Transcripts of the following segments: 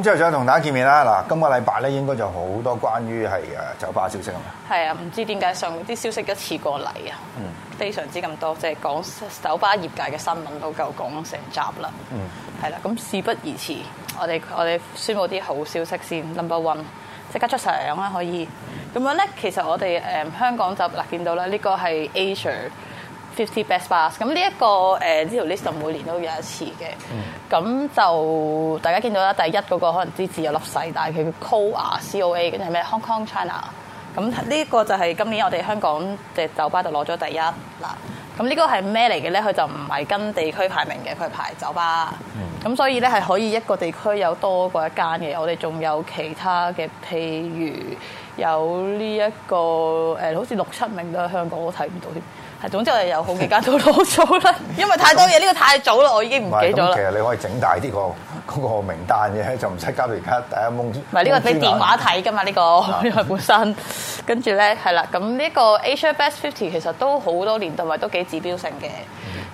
咁之後再同大家見面啦！嗱，今個禮拜咧應該就好多關於係誒酒吧消息啊！係啊，唔知點解上啲消息一次過嚟啊！嗯，非常之咁多，即係講酒吧業界嘅新聞都夠講成集啦。嗯，係啦，咁事不宜遲，我哋我哋宣布啲好消息先。Number one，即刻出晒場啦！可以咁、嗯、樣咧，其實我哋誒香港就嗱，見到啦，呢、呢個係 Asia best bars，咁呢一個誒呢條 list 每年都有一次嘅，咁 就大家見到啦。第一嗰個可能啲字有粒細，但係佢 COA COA，跟住係咩 Hong Kong China，咁呢個就係今年我哋香港嘅酒吧就攞咗第一啦。咁呢個係咩嚟嘅咧？佢就唔係跟地區排名嘅，佢係排酒吧，咁 所以咧係可以一個地區有多過一間嘅。我哋仲有其他嘅，譬如有呢一個誒，好似六七名都喺香港，我睇唔到添。係，總之我哋有好幾間都攞咗啦，因為太多嘢，呢、嗯、個太早啦，我已經唔記咗啦、嗯嗯。其實你可以整大啲個嗰個名單嘅，就唔使交到而家。誒、啊，蒙住。唔係呢個俾電話睇㗎嘛？呢、呢個呢個、啊、本身。跟住咧，係啦，咁呢個 Asia Best 50，其實都好多年，同埋都幾指標性嘅。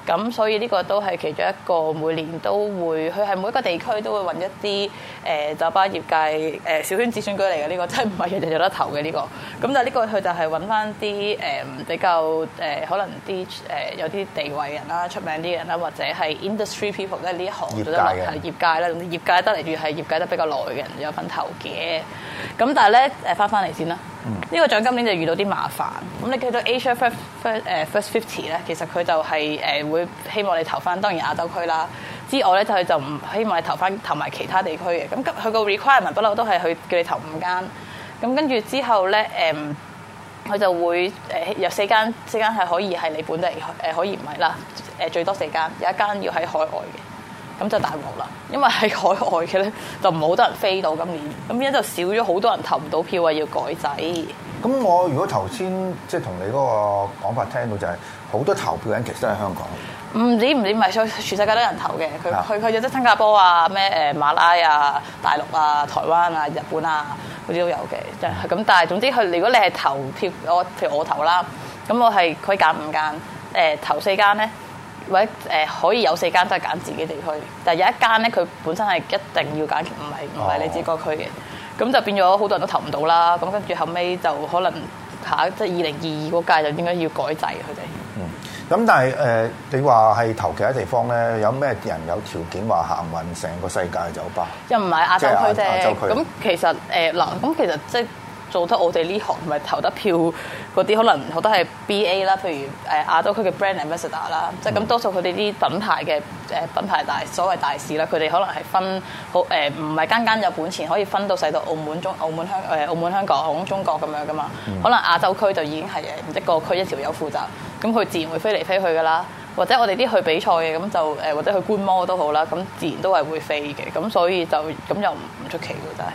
咁所以呢個都係其中一個每年都會，佢係每一個地區都會揾一啲誒酒吧業界誒、呃、小圈子選舉嚟嘅，呢、呢個真係唔係人人有得投嘅呢個。咁但係呢個佢就係揾翻啲誒比較誒、呃、可能啲誒、呃、有啲地位人啦、出名啲人啦，或者係 industry people 咧呢一行做得耐係業界啦，總之業，啊、業界得嚟越係業界得比較耐嘅人有份投嘅。咁但係咧誒，翻返嚟先啦。呢個獎今年就遇到啲麻煩，咁你記到 Asia First 誒 First Fifty 咧，其實佢就係誒會希望你投翻當然亞洲區啦，之外咧佢就唔希望你投翻投埋其他地區嘅，咁佢個 requirement 不嬲都係去叫你投五間，咁跟住之後咧誒，佢、嗯、就會誒有四間四間係可以係你本地誒、呃、可以唔係啦，誒最多四間，有一間要喺海外嘅。咁就大鑊啦，因為喺海外嘅咧就唔好多人飛到今年，咁而家就少咗好多人投唔到票啊，要改制！咁我如果頭先即係同你嗰個講法聽到就係、是、好多投票人其實都喺香港。唔知，唔知，唔係，全全世界都有人投嘅。佢佢佢有得新加坡啊、咩誒馬拉啊、大陸啊、台灣啊、日本啊嗰啲都有嘅。即係咁，但係總之佢如果你係投票，我譬如我投啦，咁我係佢揀唔揀誒投四間咧？或者誒可以有四間都係揀自己地區，但係有一間咧，佢本身係一定要揀，唔係唔係你自己個區嘅，咁、哦、就變咗好多人都投唔到啦。咁跟住後尾，就可能下即係二零二二嗰屆就應該要改制佢哋。嗯，咁但係誒、呃，你話係投其他地方咧，有咩人有條件話行勻成個世界酒吧？又唔係亞洲區啫，亞洲區咁其實誒嗱，咁、呃嗯、其實即係做得我哋呢行咪投得票。嗰啲可能好多係 B A 啦，譬如誒亞洲區嘅 Brand Ambassador 啦，即係咁多數佢哋啲品牌嘅誒品牌大所謂大使啦，佢哋可能係分好誒，唔係間間有本錢，可以分到細到澳門中澳門香誒澳門香港中國咁樣噶嘛，mm hmm. 可能亞洲區就已經係一個區一條友負責，咁佢自然會飛嚟飛去噶啦。或者我哋啲去比賽嘅咁就誒，或者去觀摩都好啦，咁自然都係會飛嘅，咁所以就咁又唔出奇嘅，就係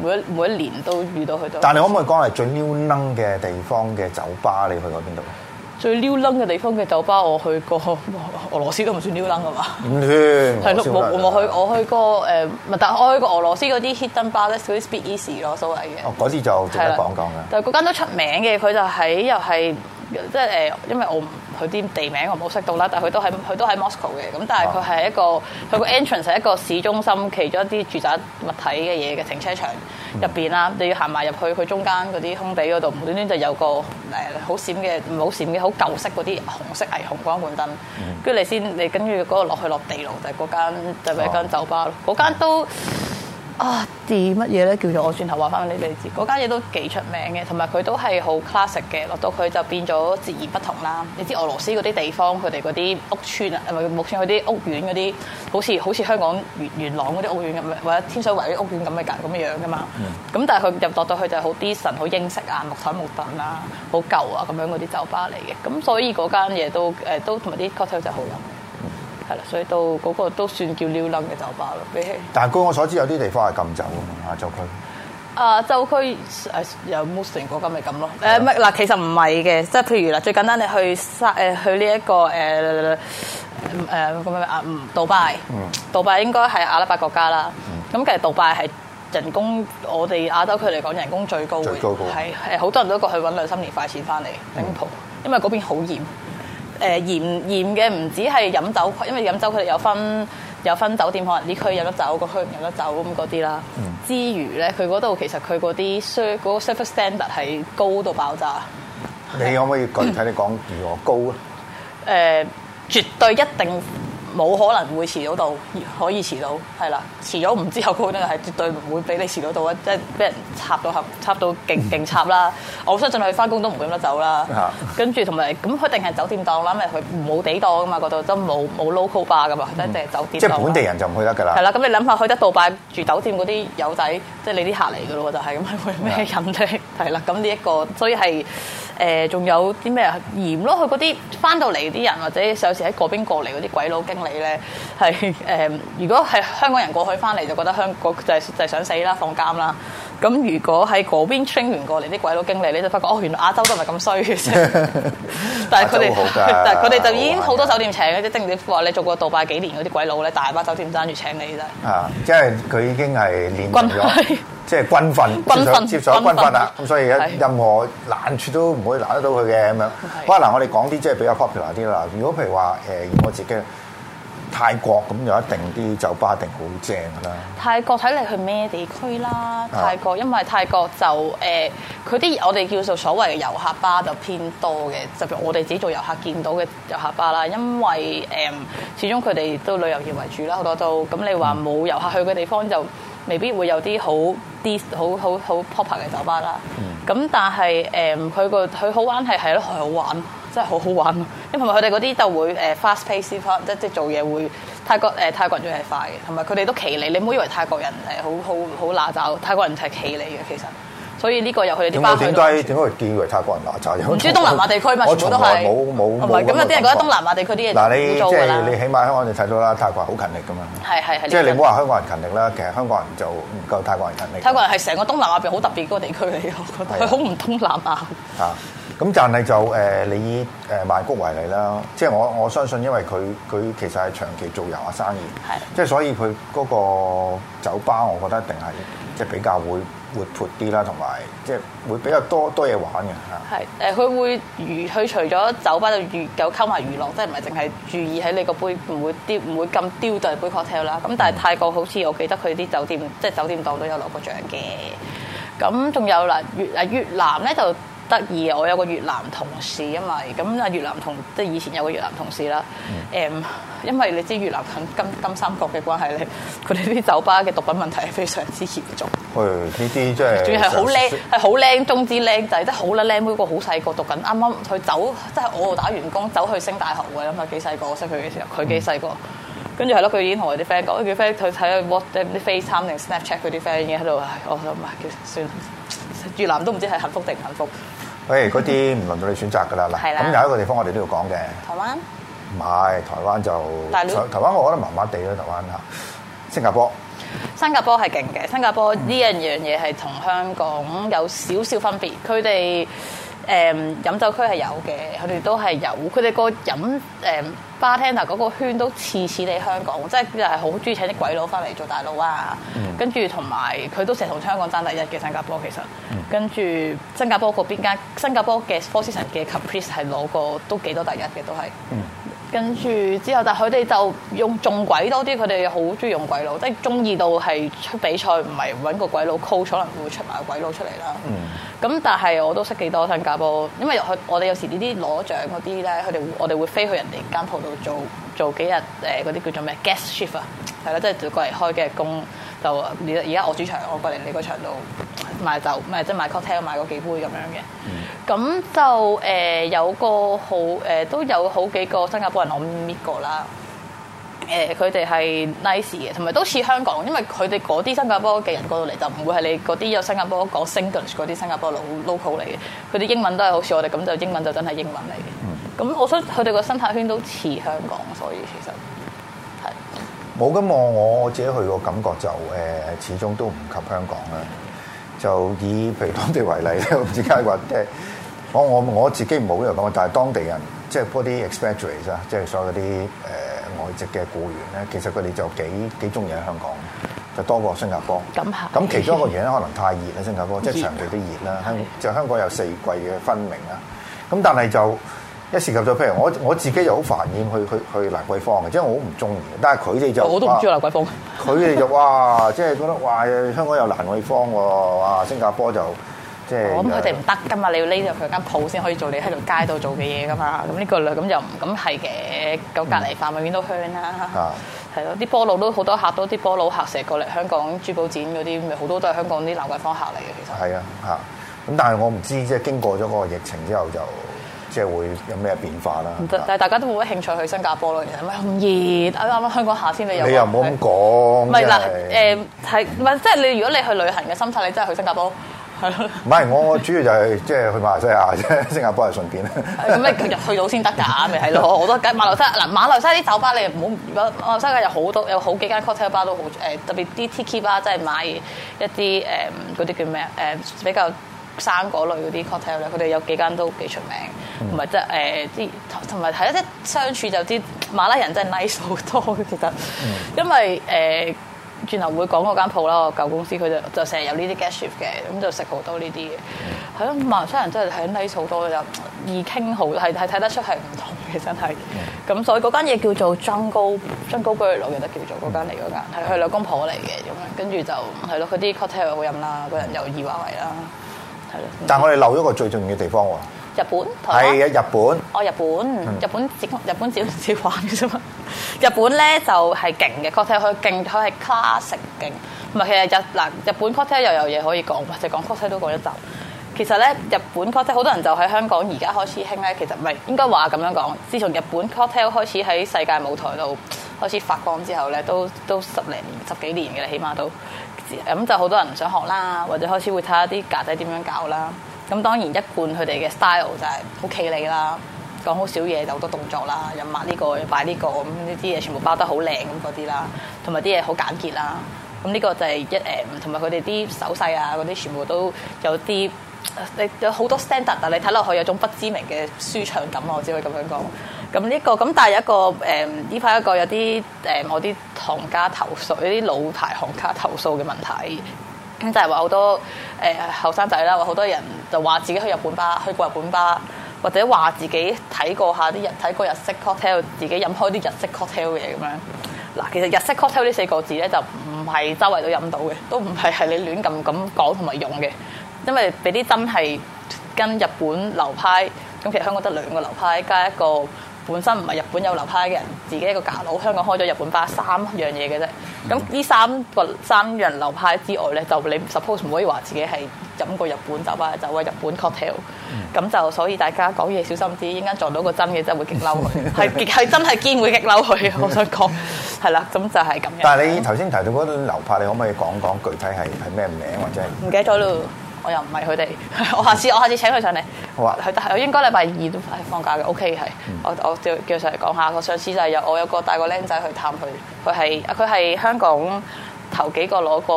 每一每一年都遇到佢就。嗯、但係你可唔可以講係最 new 嘅地方嘅酒吧？你去過邊度？最 new 嘅地方嘅酒吧，我去過俄羅斯都唔算 new 㗎嘛。唔算。係咯， 我去我去過誒，唔、呃、但係我去過俄羅斯嗰啲 hidden bar 咧，叫 speakeasy 咯，所謂嘅。哦，嗰啲就值得講講啦。但係嗰間都出名嘅，佢就喺又係即係誒，因為我佢啲地名我冇識到啦，但係佢都喺佢都喺 Moscow 嘅，咁但係佢係一個佢個 entrance 係一個市中心，其中一啲住宅物體嘅嘢嘅停車場入邊啦，你要行埋入去，佢中間嗰啲空地嗰度無端端就有個誒好閃嘅唔好閃嘅好舊式嗰啲紅色霓虹光管燈，跟住、啊、你先你跟住嗰度落去落地牢就係、是、嗰間就係、是、一間酒吧咯，嗰、啊、間都。啊，啲乜嘢咧叫做我轉頭話返俾你哋知，嗰間嘢都幾出名嘅，同埋佢都係好 classic 嘅。落到去就變咗截然不同啦。你知俄羅斯嗰啲地方，佢哋嗰啲屋邨啊，係咪目前嗰啲屋苑嗰啲，好似好似香港元元朗嗰啲屋苑咁，或者天水圍啲屋苑咁嘅格咁嘅樣噶嘛。咁 但係佢入落到去就好啲神，好英式啊，木檯木凳啊，好舊啊，咁樣嗰啲酒吧嚟嘅。咁所以嗰間嘢都誒都同埋啲 cocktail 就好飲。係啦，所以到嗰個都算叫 n 冧嘅酒吧比起，但係據我所知，有啲地方係禁酒嘅嘛，亞洲區。啊、呃，洲區誒有穆斯林嗰間咪咁咯？誒嗱，的其實唔係嘅，即係譬如啦，最簡單你去沙誒去呢、這、一個誒誒咁樣啊，嗯、呃，呃呃呃、杜拜。嗯、杜拜應該係阿拉伯國家啦。咁、嗯、其實杜拜係人工，我哋亞洲區嚟講人工最高嘅。係係好多人都過去揾兩三年快錢翻嚟 d 因為嗰邊好嚴。誒嚴嚴嘅唔止係飲酒，因為飲酒佢哋有分有分酒店，可能呢區有得走，嗰區唔有得走咁嗰啲啦。嗯、之餘咧，佢嗰度其實佢嗰啲 s e r v i service standard 係高到爆炸。你可唔可以具體、嗯、你講如何高啊？誒、嗯呃，絕對一定。冇可能會遲到到，可以遲到，係啦。遲咗唔知有高咧，係絕對唔會俾你遲到到啊！即係俾人插到插插到勁勁插啦！我相信去翻工都唔會咁得走啦。跟住同埋咁佢定係酒店檔啦，咪佢唔冇地檔噶嘛，嗰度都冇冇 local bar 噶嘛，即係定係酒店即係本地人就唔去得㗎啦。係啦，咁你諗下去得杜拜住酒店嗰啲友仔，即係你啲客嚟㗎咯，就係、是、咁，會、就、咩、是、飲啫？係啦，咁呢一個，所以係。誒仲、呃、有啲咩啊？嫌咯，佢嗰啲翻到嚟啲人，或者有時喺嗰邊過嚟嗰啲鬼佬經理咧，係誒、呃，如果係香港人過去翻嚟就覺得香港，就係就係想死啦，放監啦。咁如果喺嗰邊 train 完過嚟啲鬼佬經理，你就發覺哦，原來亞洲都唔係咁衰，但係佢哋，好但係佢哋就已經好多酒店請嘅，啲丁子夫話你做過杜拜幾年嗰啲鬼佬咧，大把酒店爭住請你啫。啊，即係佢已經係練咗，即係軍訓， 接受軍訓啦。咁分所以咧，任何難處都唔可以難得到佢嘅咁樣。不過的、啊、我哋講啲即係比較 popular 啲啦。如果譬如話誒，我自己。泰國咁就一定啲酒吧一定好正㗎啦。泰國睇你去咩地區啦。泰國因為泰國就誒，佢、呃、啲我哋叫做所謂嘅遊客巴就偏多嘅，就譬如我哋自己做遊客見到嘅遊客巴啦。因為誒、呃，始終佢哋都旅遊業為主啦，好多都咁。你話冇遊客去嘅地方就未必會有啲好 dis 好好好 pop 嘅酒吧啦。咁、嗯、但係誒，佢個佢好玩係係都好玩。真係好好玩啊！因為佢哋嗰啲就會誒 fast paced 翻，即係即係做嘢會泰國誒泰國人最係快嘅，同埋佢哋都騎呢，你唔好以為泰國人誒好好好揦鮓，泰國人就係騎呢嘅其實。所以呢個又佢啲巴點解點解會叫佢泰國人拿茶？唔知東南亞地區嘛，全部都係。唔係咁啊！啲人覺得東南亞地區啲嘢。嗱，你即係你起碼香港哋睇到啦，泰國人好勤力㗎嘛。係係即係你唔好話香港人勤力啦，其實香港人就唔夠泰國人勤力。泰國人係成個東南亞入邊好特別嗰個地區嚟，我覺得。佢好唔東南亞。嚇！咁但係就誒，你誒曼谷為例啦，即係我我相信，因為佢佢其實係長期做遊客生意，係。即係所以佢嗰個酒吧，我覺得一定係即係比較會。活潑啲啦，同埋即係會比較多多嘢玩嘅吓。係誒，佢會餘佢除咗酒吧度仲有溝埋娛樂，即係唔係淨係注意喺你個杯，唔會啲唔會咁刁到杯 cocktail 啦。咁但係泰國好似我記得佢啲酒店，即係酒店檔都有攞過獎嘅。咁仲有嗱，越啊越南咧就。得意，啊，我有個越南同事，因為咁啊越南同即係以前有個越南同事啦。誒、嗯，因為你知越南近金金三角嘅關係咧，佢哋啲酒吧嘅毒品問題係非常之嚴重。誒、嗯，呢啲真係仲要係好僆，係好僆中之僆仔，即、就、係、是、好撚僆妹，個好細個讀緊。啱啱佢走，即係我打完工走去升大學喎，咁啊幾細個識佢嘅時候，佢幾細個。跟住係咯，佢、嗯、已經同我啲 friend 講，我啲 friend 去睇 WhatsApp 啲 FaceTime 定 Snapchat 嗰啲 friend 嘅喺度啊。我諗唔係，算越南都唔知係幸福定唔幸福。誒，嗰啲唔輪到你選擇噶啦，嗱咁係啦有一個地方我哋都要講嘅。台灣？唔係，台灣就烈台灣，我覺得麻麻地啦。台灣嚇。新加坡？新加坡係勁嘅，新加坡呢一樣嘢係同香港有少少分別，佢哋。誒、嗯、飲酒區係有嘅，佢哋都係有。佢哋個飲誒 bar tender 嗰個圈都次次你香港，即係又係好中意請啲鬼佬翻嚟做大佬啊。嗯、跟住同埋佢都成日同香港爭第一嘅、嗯、新加坡，其實跟住新加坡嗰邊間新加坡嘅 Four Seasons 嘅 Caprice 係攞過都幾多第一嘅都係。嗯跟住之後，但佢哋就用中鬼多啲，佢哋好中意用鬼佬，即係中意到係出比賽，唔係揾個鬼佬 coach，可能會出埋個鬼佬出嚟啦。咁、嗯、但係我都識幾多新加坡，因為佢我哋有時呢啲攞獎嗰啲咧，佢哋我哋會飛去人哋間鋪度做。做幾日誒嗰啲叫做咩 guest shift 啊，係啦，即係過嚟開幾日工就而家我主場，我過嚟你個場度買就買即係買 cocktail 買嗰幾杯咁樣嘅。咁、mm hmm. 就誒、呃、有個好誒、呃、都有好幾個新加坡人我 meet 過啦，誒佢哋係 nice 嘅，同埋都似香港，因為佢哋嗰啲新加坡嘅人過到嚟就唔會係你嗰啲有新加坡講 Singlish 嗰啲新加坡佬 local 嚟嘅，佢哋英文都係好似我哋咁就英文就真係英文嚟嘅。咁我想佢哋個生態圈都似香港，所以其實係冇咁嘛，我自己去個感覺就誒、呃、始終都唔及香港啦。就以譬如當地為例，唔知解話即係我我我自己冇嚟講，但係當地人即係嗰啲 expatriates 啊，即係所有嗰啲誒外籍嘅僱員咧，其實佢哋就幾幾鍾意喺香港，就多過新加坡。咁咁其中一個原因可能太熱啦，新加坡即係熱長期都熱啦。香就的香港有四季嘅分明啦。咁但係就。一涉及到譬如我我自己又好煩厭去去去蘭桂坊嘅，即係我好唔中意但係佢哋就，我都唔中意蘭桂坊。佢哋就哇，即係覺得哇，香港有蘭桂坊喎，哇，新加坡就即係。咁我諗佢哋唔得㗎嘛，你要匿入佢間鋪先可以做你喺條街度做嘅嘢㗎嘛。咁呢、嗯、個咧，咁又唔敢係嘅。咁隔離範圍邊法都香啦。係咯、嗯，啲波佬都好多客，多啲波佬客成日過嚟香港珠寶展嗰啲，咪好多都係香港啲蘭桂坊客嚟嘅。其實係啊，嚇！咁但係我唔知，即係經過咗嗰個疫情之後就。即係會有咩變化啦？但係大家都冇乜興趣去新加坡咯，其實咁熱。啱啱香港夏天你又你又唔好咁講，唔係嗱誒係唔係即係是你不是如果你去旅行嘅心態，你真係去新加坡係咯？唔係我我主要就係、是、即係去馬來西亞啫，新加坡係順便咁 你入去到先得㗎，咪係咯？好多馬來西亞嗱，馬來西亞啲酒吧你唔好馬來西亞，有好多有好幾間 cocktail bar 都好誒特別啲 tiki 吧，即係買一啲誒嗰啲叫咩啊？比較生果類嗰啲 cocktail 咧，佢哋有幾間都幾出名。同埋即係誒啲同埋係一啲相處就啲馬拉人真係 nice 好多嘅，其實，因為誒轉頭會講個間鋪啦，我舊公司佢就就成日有呢啲 gesture 嘅，咁就食好多呢啲嘅，係咯，馬來西人真係係 nice 好多，就易傾好，係係睇得出係唔同嘅真係，咁所以嗰間嘢叫做 Jungle Jungle Bird，我記得叫做嗰間嚟，嗰間係係兩公婆嚟嘅咁樣，跟住就係咯，佢啲 cocktail 好飲啦，嗰人又易話為啦，係咯。但係我哋漏咗個最重要嘅地方喎。日本，係啊！日本，哦，日本，日本只，日本只會玩嘅啫嘛。日本咧就係勁嘅，cocktail 佢勁，佢係 classic 勁。唔係，其實日嗱日本 cocktail 又有嘢可以講或者講 cocktail 都講一集。其實咧，日本 cocktail 好多人就喺香港而家開始興咧。其實唔係應該話咁樣講。自從日本 cocktail 開始喺世界舞台度開始發光之後咧，都都十零年，十幾年嘅啦，起碼都咁就好多人想學啦，或者開始會睇下啲架仔點樣搞啦。咁當然一貫佢哋嘅 style 就係好企理啦，講好少嘢，有好多動作啦，又抹呢個，又擺呢個，咁呢啲嘢全部包得好靚咁嗰啲啦，同埋啲嘢好簡潔啦。咁呢個就係一誒，同埋佢哋啲手勢啊，嗰啲全部都有啲有好多 standard 啊，你睇落去有種不知名嘅舒暢感，我只可以咁樣講。咁呢個咁但係一個誒呢排一個有啲誒我啲行家投訴，有啲老牌行家投訴嘅問題。咁就係話好多誒後生仔啦，或、呃、好多人就話自己去日本吧，去過日本吧，或者話自己睇過下啲日睇過日式 cocktail，自己飲開啲日式 cocktail 嘅嘢咁樣。嗱，其實日式 cocktail 呢四個字咧，就唔係周圍都飲到嘅，都唔係係你亂咁咁講同埋用嘅，因為俾啲真係跟日本流派。咁其實香港得兩個流派加一個。本身唔係日本有流派嘅人，自己一個假佬，香港開咗日本花三樣嘢嘅啫。咁呢、嗯、三個三樣流派之外咧，就你 suppose 唔可以話自己係飲過日本酒吧，酒啊、嗯、日本 cocktail。咁就所以大家講嘢小心啲，一間撞到個真嘅真，真會激嬲佢，係係真係堅會激嬲佢。我想講係啦，咁就係、係、咁樣。但係你頭先提到嗰啲流派，你可唔可以講講具體係係咩名或者係？唔記得咗咯。我又唔係佢哋，我下次我下次請佢上嚟。好啊的，佢但係應該禮拜二都係放假嘅。OK，係，我我叫叫佢上嚟講下。我上次就係有我有個大個僆仔去探佢，佢係佢係香港頭幾個攞個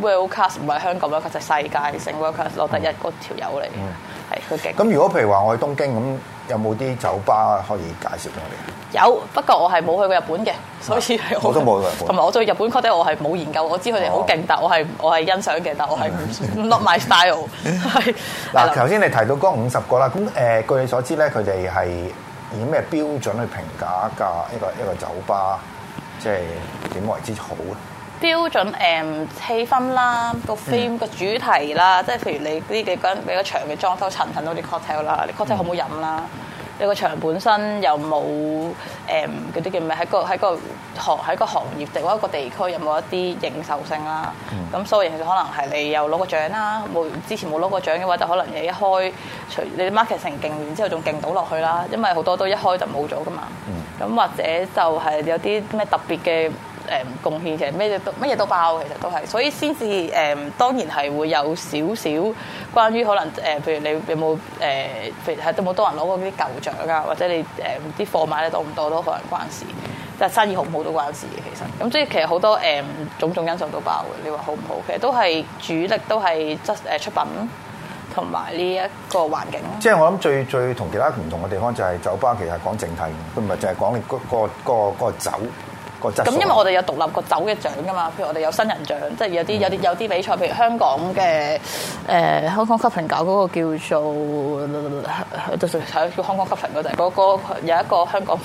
World Class，唔係香港啦，佢就世界成 World Class 攞第一嗰條友嚟嘅，係佢勁。咁、嗯嗯嗯、如果譬如話我去東京咁，有冇啲酒吧可以介紹俾我哋？有，不過我係冇去過日本嘅，所以我都冇去過。同埋我對日本，日本 cocktail 我係冇研究，我知佢哋好勁，但我係我係欣賞嘅，但係我係 not my style。係嗱，頭先你提到嗰五十個啦，咁誒據你所知咧，佢哋係以咩標準去評價一個一個酒吧，即係點為之好咧？標準誒氣氛啦，個 theme、嗯、個主題啦，即係譬如你呢幾間比較長嘅裝修，襯唔襯到啲 cocktail 啦？你，你，你 cocktail 好唔好飲啦？嗯你個場本身又冇誒嗰啲叫咩？喺個喺個行喺個行業定或一個地區有冇一啲認受性啦？咁、嗯、所以其實可能係你又攞個獎啦，冇之前冇攞過獎嘅話，就可能你一開除你啲 Marketing 勁完之後仲勁到落去啦，因為好多都一開就冇咗噶嘛。咁、嗯、或者就係有啲咩特別嘅。誒、嗯、貢獻嘅咩嘢都咩嘢都包，其實都係，所以先至誒當然係會有少少關於可能誒、呃，譬如你有冇誒，譬如係都冇多人攞過啲舊獎啊，或者你誒啲、嗯、貨買得多唔多都可能關事，但係生意好唔好都關事嘅，其實咁即係其實好多誒、嗯、種種因素都包嘅。你話好唔好？其實都係主力都係即誒出品同埋呢一個環境。即係我諗最最同其他唔同嘅地方就係酒吧其實係講整體，佢唔係就係講你、嗰個嗰、嗰個嗰、嗰個嗰個嗰個酒。咁因為我哋有獨立個酒嘅獎㗎嘛，譬如我哋有新人獎，嗯、即係有啲有啲有啲比賽，譬如香港嘅誒、呃、香港級評搞嗰個叫做，就係喺香港級評嗰陣、嗰個，嗰、嗰個嗰個有一個香港誒、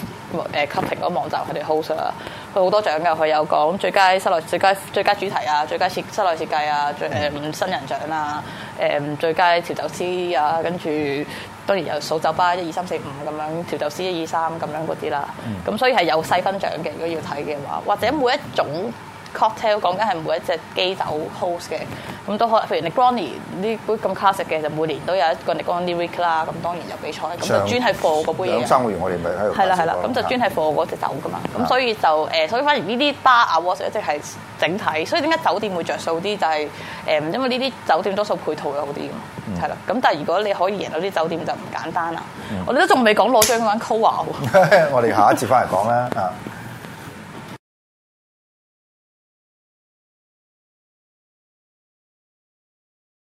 呃、級評嗰網站佢哋 host 啦，佢好多獎㗎，佢有講最佳室內最佳最佳主題啊，最佳設室內設計啊，誒、呃、新人獎、呃、啊，誒最佳調酒師啊，跟住。當然有數酒吧，一二三四五咁樣調酒師一二三咁樣嗰啲啦，咁、嗯、所以係有細分獎嘅。如果要睇嘅話，或者每一種 cocktail 講緊係每一隻基酒 host 嘅，咁都可譬如你 Negroni 呢杯咁 classic 嘅，就每年都有一個你 Negroni Week 啦。咁當然有比賽，咁上 就專係 for 嗰杯嘢。兩三個月我哋咪喺度。係啦係啦，咁就專係 for 嗰隻酒噶嘛。咁、嗯、所以就誒，所以反而呢啲 bar 啊，我食一隻係整體。所以點解酒店會着數啲？就係、是、誒，因為呢啲酒店多數配套有啲係啦，咁但係，如果你可以贏到啲酒店就唔簡單啦。嗯、我哋都仲未講攞獎嗰間 COA 喎。我哋下一節翻嚟講啦。啊！